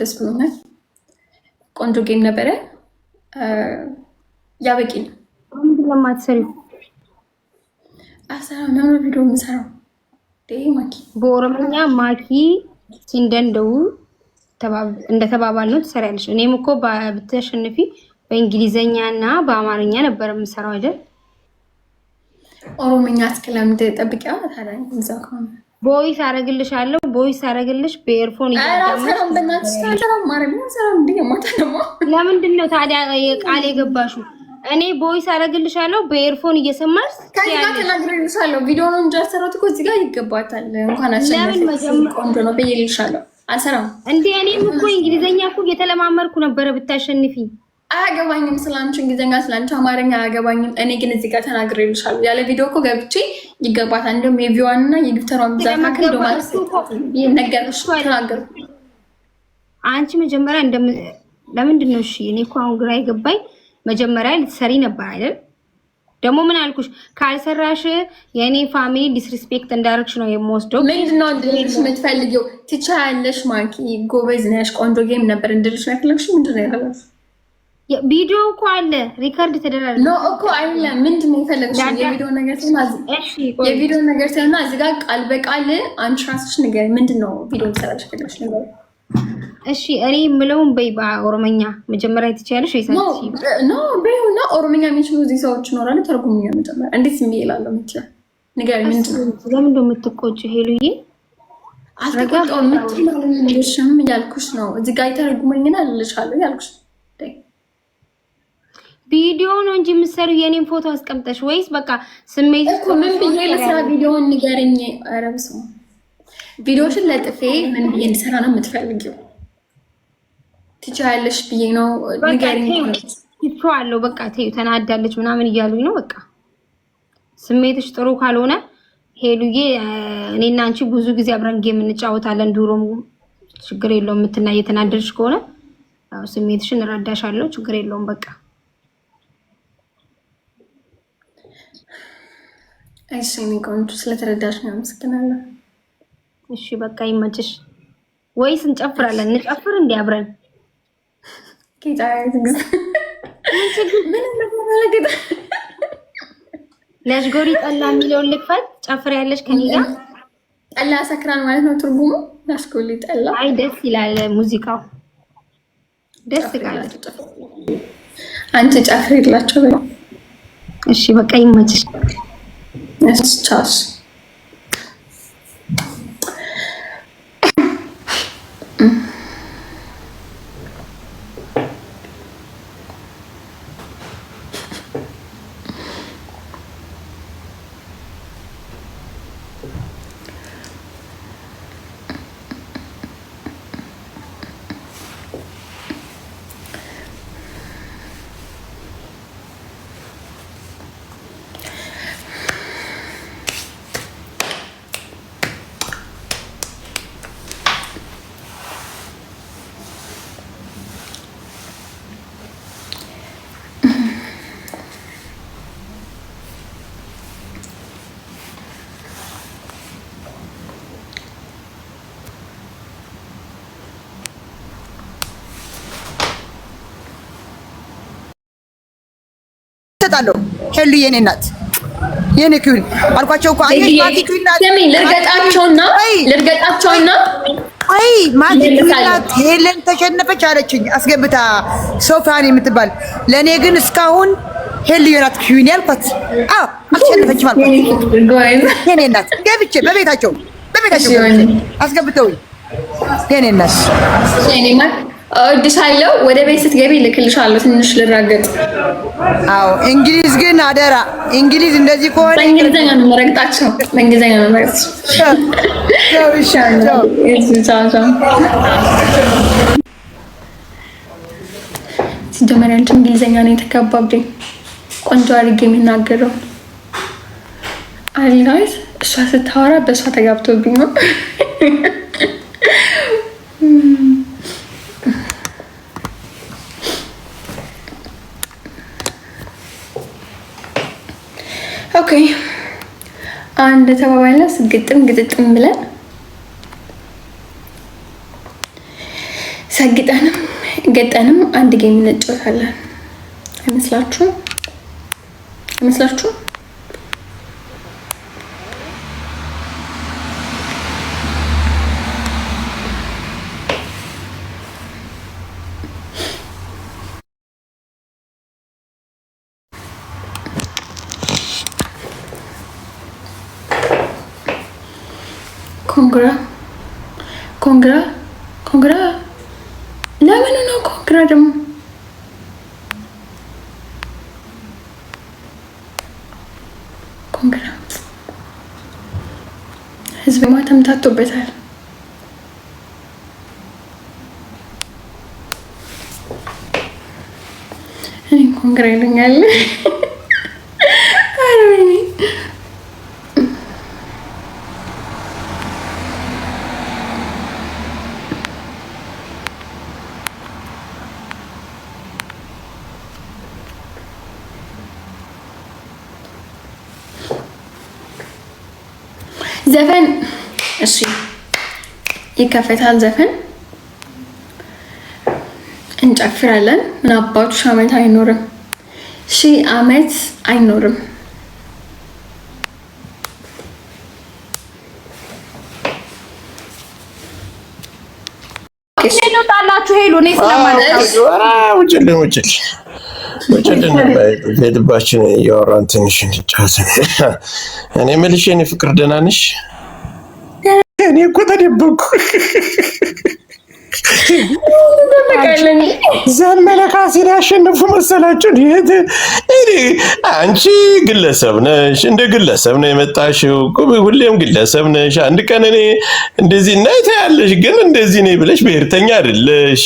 ደስ ብሎናል። ቆንጆ ጌም ነበረ። ያበቂ ነው። ለማትሰሪ አሰራ ነው ቪዲዮ የምሰራው ማኪ በኦሮምኛ ማኪ ሲንደንደው እንደተባባል ነው ትሰሪያለሽ። እኔም እኮ ብትሸንፊ በእንግሊዘኛ እና በአማርኛ ነበር የምሰራው አይደል? ኦሮምኛ እስክለምድ ጠብቂያ ታዲያ ዛ ከሆነ ቦይስ አደረግልሻለሁ። ቦይስ አደረግልሽ በኤርፎን ለምንድን ነው ታዲያ ቃል የገባሹ? እኔ ቦይስ አደረግልሽ አለው በኤርፎን እየሰማሽ ተናግሬልሻለሁ። ቪዲዮ ነው እንጂ አልሰራሁት እኮ እዚህ ጋር ይገባታል። እንኳን ቆንጆ ነው ብዬልሻለሁ። አልሰራም እንዴ? እኔም እኮ እኮ እየተለማመርኩ ነበረ። ብታሸንፊኝ አያገባኝም። ስላንቺ እንግሊዝኛ፣ ስላንቺ አማርኛ አያገባኝም። እኔ ግን እዚህ ጋር ተናግሬልሻለሁ። ያለ ቪዲዮ እኮ ገብቼ ይገባታል። እንደውም የቪዋን እና የግብተሯን ብዛት ነገር ተናገሩ። አንቺ መጀመሪያ ለምንድን ነው እሺ? እኔ እኮ አሁን ግራ የገባኝ መጀመሪያ ልትሰሪ ነበር አይደል? ደግሞ ምን አልኩሽ? ካልሰራሽ የእኔ ፋሚሊ ዲስሪስፔክት እንዳረግሽ ነው የምወስደው። ምንድነው እንድልሽ የምትፈልጊው? ትችያለሽ፣ ማንኪ ጎበዝ ነሽ፣ ቆንጆ ጌም ነበር እንድልሽ ነክለሽ ምንድነው ያለሽ ቪዲዮ እኮ አለ ሪከርድ ተደራ ኖ እኮ አይደለም። ምንድን ነው የፈለግሽው? የቪዲዮ ነገር ሲሆን እዚህ ጋር ቃል በቃል አንቺ እራስሽ ነገር ምንድን ነው ቪዲዮ ሰራሽ ፈለግሽ ነገር እሺ እኔ የምለውን በይ በኦሮመኛ መጀመሪያ የተቻለሽ ወይ ኖ በይ እና ኦሮመኛ የሚችሉ እዚህ ሰዎች ይኖራሉ። ተርጉሙ መጀመሪያ እንዴት ስሜ ይላለሁ ምችል ነገር ለምን እንደ የምትቆጭ ሄሉዬ አትቆጣው ምትላለሽ እያልኩሽ ነው። እዚህ ጋር የተረጉመኝና ልልሻለሁ ያልኩሽ ቪዲዮ ነው እንጂ የምትሰሪው የኔን ፎቶ አስቀምጠሽ ወይስ በቃ ስሜት እኮ ምን ብዬ ልስራ? ቪዲዮውን ንገረኝ። ኧረ በስመ አብ ቪዲዮሽን ለጥፌ ምን ብዬ እንድሰራ ነው የምትፈልጊው? ትችያለሽ ብዬ ነው ንገረኝ። ትችዋለሁ በቃ ተይው፣ ተናዳለች ምናምን እያሉኝ ነው። በቃ ስሜትሽ ጥሩ ካልሆነ ሄሉዬ፣ እኔና አንቺ ብዙ ጊዜ አብረን ጌም እንጫወታለን ድሮም፣ ችግር የለውም የምትና እየተናደድሽ ከሆነ ስሜትሽን እረዳሻለሁ፣ ችግር የለውም በቃ እሺ እኔ ቆንጆ ስለተረዳሽ ነው አመሰግናለሁ። እሺ በቃ ይመችሽ። ወይስ እንጨፍራለን? እንጨፍር እንዴ አብረን? ጎሪ ጠላ የሚለውን ልክፈት። ጨፍር ያለሽ ከኔ ጋር ጠላ ማለት ነው ትርጉሙ። ጠላ። አይ ደስ ይላል ሙዚቃው፣ ደስ ይላል። አንቺ ጨፍር እሺ በቃ ይመችሽ። That's tough. እመጣለሁ። ሄሉ የኔ እናት የኔ ኩል አልኳቸው እኮ አይ ማቲ ኩል ናት። ስሚ ልርገጣቸውና ልርገጣቸውና አይ ማቲ ኩል ናት። ሄለን ተሸነፈች አለችኝ አስገብታ ሶፋን የምትባል ለኔ ግን እስካሁን ሄሉ የናት ኩል ያልኳት። አዎ አልተሸነፈችም አልኳት። የኔ እናት ገብቼ በቤታቸው በቤታቸው አስገብተውኝ የኔ እናት የኔ ናት እወድሻለሁ። ወደ ቤት ስትገቢ ልክልሻለሁ። ትንሽ ልረግጥ። አዎ፣ እንግሊዝ ግን አደራ። እንግሊዝ እንደዚህ ከሆነ በእንግሊዝኛ ነው የምረግጣቸው። በእንግሊዝኛ ነው የምረግጣቸው። ሲጀመሪያ አንቺ እንግሊዝኛ ነው የተከባብኝ። ቆንጆ አድርጌ የሚናገረው አይ ጋይስ፣ እሷ ስታወራ በእሷ ተጋብቶብኝ ነው ኦኬ አንድ ተባባይነስ ስግጥም ግጥጥም ብለን ሰግጠንም ገጠንም አንድ ጌም እንጫወታለን። አይመስላችሁም? አይመስላችሁም? ኮንግራ ኮንግራ ኮንግራ። ለምኑ ነው ኮንግራ ደግሞ? ኮንግራ ህዝብ ማተም ታቶበታል። እኔ ኮንግራ ይለኛል። ዘፈን እሺ፣ ይከፈታል ዘፈን እንጨፍራለን። ምን አባቱ ሺህ ዓመት አይኖርም፣ ሺህ ዓመት አይኖርም። ሄሉ ጣላችሁ። ሄሉ እኔ ስለማለት ውጭልኝ ውጭልኝ ልባችን እያወራን ትንሽ እንጫወትን። እኔ የምልሽ የእኔ ፍቅር ደህና ነሽ? እኔ እኮ ተደበኩ። ዘመነ ካሴን ያሸነፉ መሰላችሁ? አንቺ ግለሰብ ነሽ፣ እንደ ግለሰብ ነው የመጣሽው። ሁሌም ግለሰብ ነሽ። አንድ ቀን እኔ እንደዚህ እና ይታያለሽ፣ ግን እንደዚህ ነኝ ብለሽ ብሔርተኛ አይደለሽ።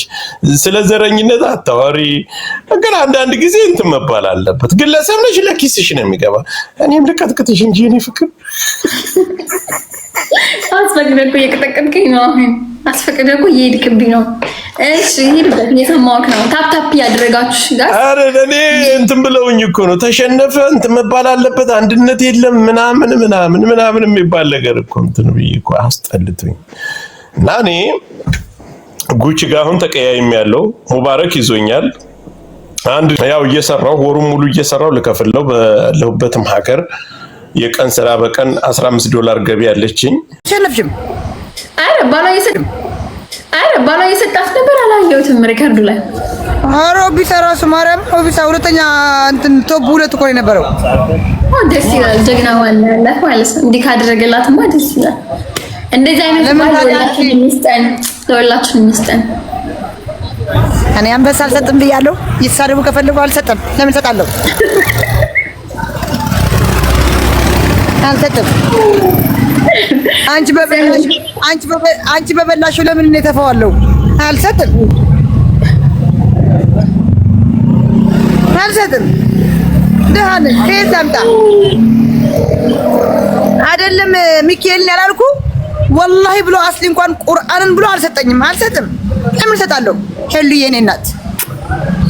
ስለ ዘረኝነት አታዋሪ። ግን አንዳንድ ጊዜ እንትን መባል አለበት። ግለሰብ ነሽ፣ ለኪስሽ ነው የሚገባ። እኔም ልቀጥቅጥሽ እንጂ እኔ ፍቅር አስፈግነኩ እየቀጠቀጥከኝ ነው አሁን አስፈቅደ እኮ እየሄድክብኝ ነው። እሺ ይሄድበት፣ እየሰማሁህ ነው። ታፕታፕ ያደረጋችሁ ጋር አረ ለኔ እንትን ብለውኝ እኮ ነው ተሸነፈ እንትን መባል አለበት አንድነት የለም ምናምን ምናምን ምናምን የሚባል ነገር እኮ እንትን ብዬ እኮ አስጠልቶኝ እና እኔ ጉቺ ጋር አሁን ተቀያይም ያለው ሙባረክ ይዞኛል። አንድ ያው እየሰራው ወሩን ሙሉ እየሰራው ልከፍለው ባለሁበትም ሀገር የቀን ስራ በቀን 15 ዶላር ገቢ አለችኝ። ሸነፍሽም አረ ባሏ የሰጠ የሰጣት ነበር አላየሁትም ሪከርዱ ላይ አረ ኦቢሳ ራሱ ማርያም ኦቢሳ ሁለተኛ እንትን ቶፕ ሁለት እኮ የነበረው ደስ ይላል። ጀግና ዋና ማለት እንዲህ ካደረገላትማ ደስ ይላል። እንደዚህ አይነት ባል ለሁላችን የሚስጠን እኔ አንበሳ አልሰጥም ብያለሁ። ይሳደቡ ከፈልጉ አልሰጥም። ለምን ሰጣለሁ? አልሰጥም። አንቺ በበላሽው ለምን ነው የተፈዋለው? አልሰጥም አልሰጥም። ድሃ ነሽ ከየት አምጣ አይደለም ሚካኤልን ያላልኩ ወላሂ ብሎ አስሊ እንኳን ቁርአንን ብሎ አልሰጠኝም። አልሰጥም። ለምን እሰጣለሁ? ሄሉ የኔ ናት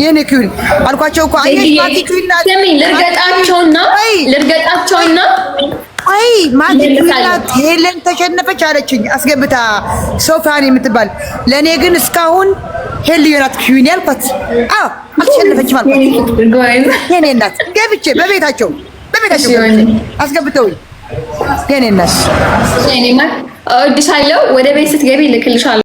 የኔ ኪዩል አልኳቸው እኮ አይ ማቲ ኪዩል ናት። ልርገጣቸውና ልርገጣቸውና አይ ማቲ ኪዩል ናት። ሄለን ተሸነፈች አለችኝ አስገብታ ሶፋን የምትባል ለእኔ ግን እስካሁን ሄል ናት ኪዩል ያልኳት። አዎ አልተሸነፈችም አልኳት። የኔ እናት ገብቼ በቤታቸው በቤታቸው አስገብተውኝ የኔ እናት እወድሻለሁ። ወደ ቤት ስትገቢ እልክልሻለሁ።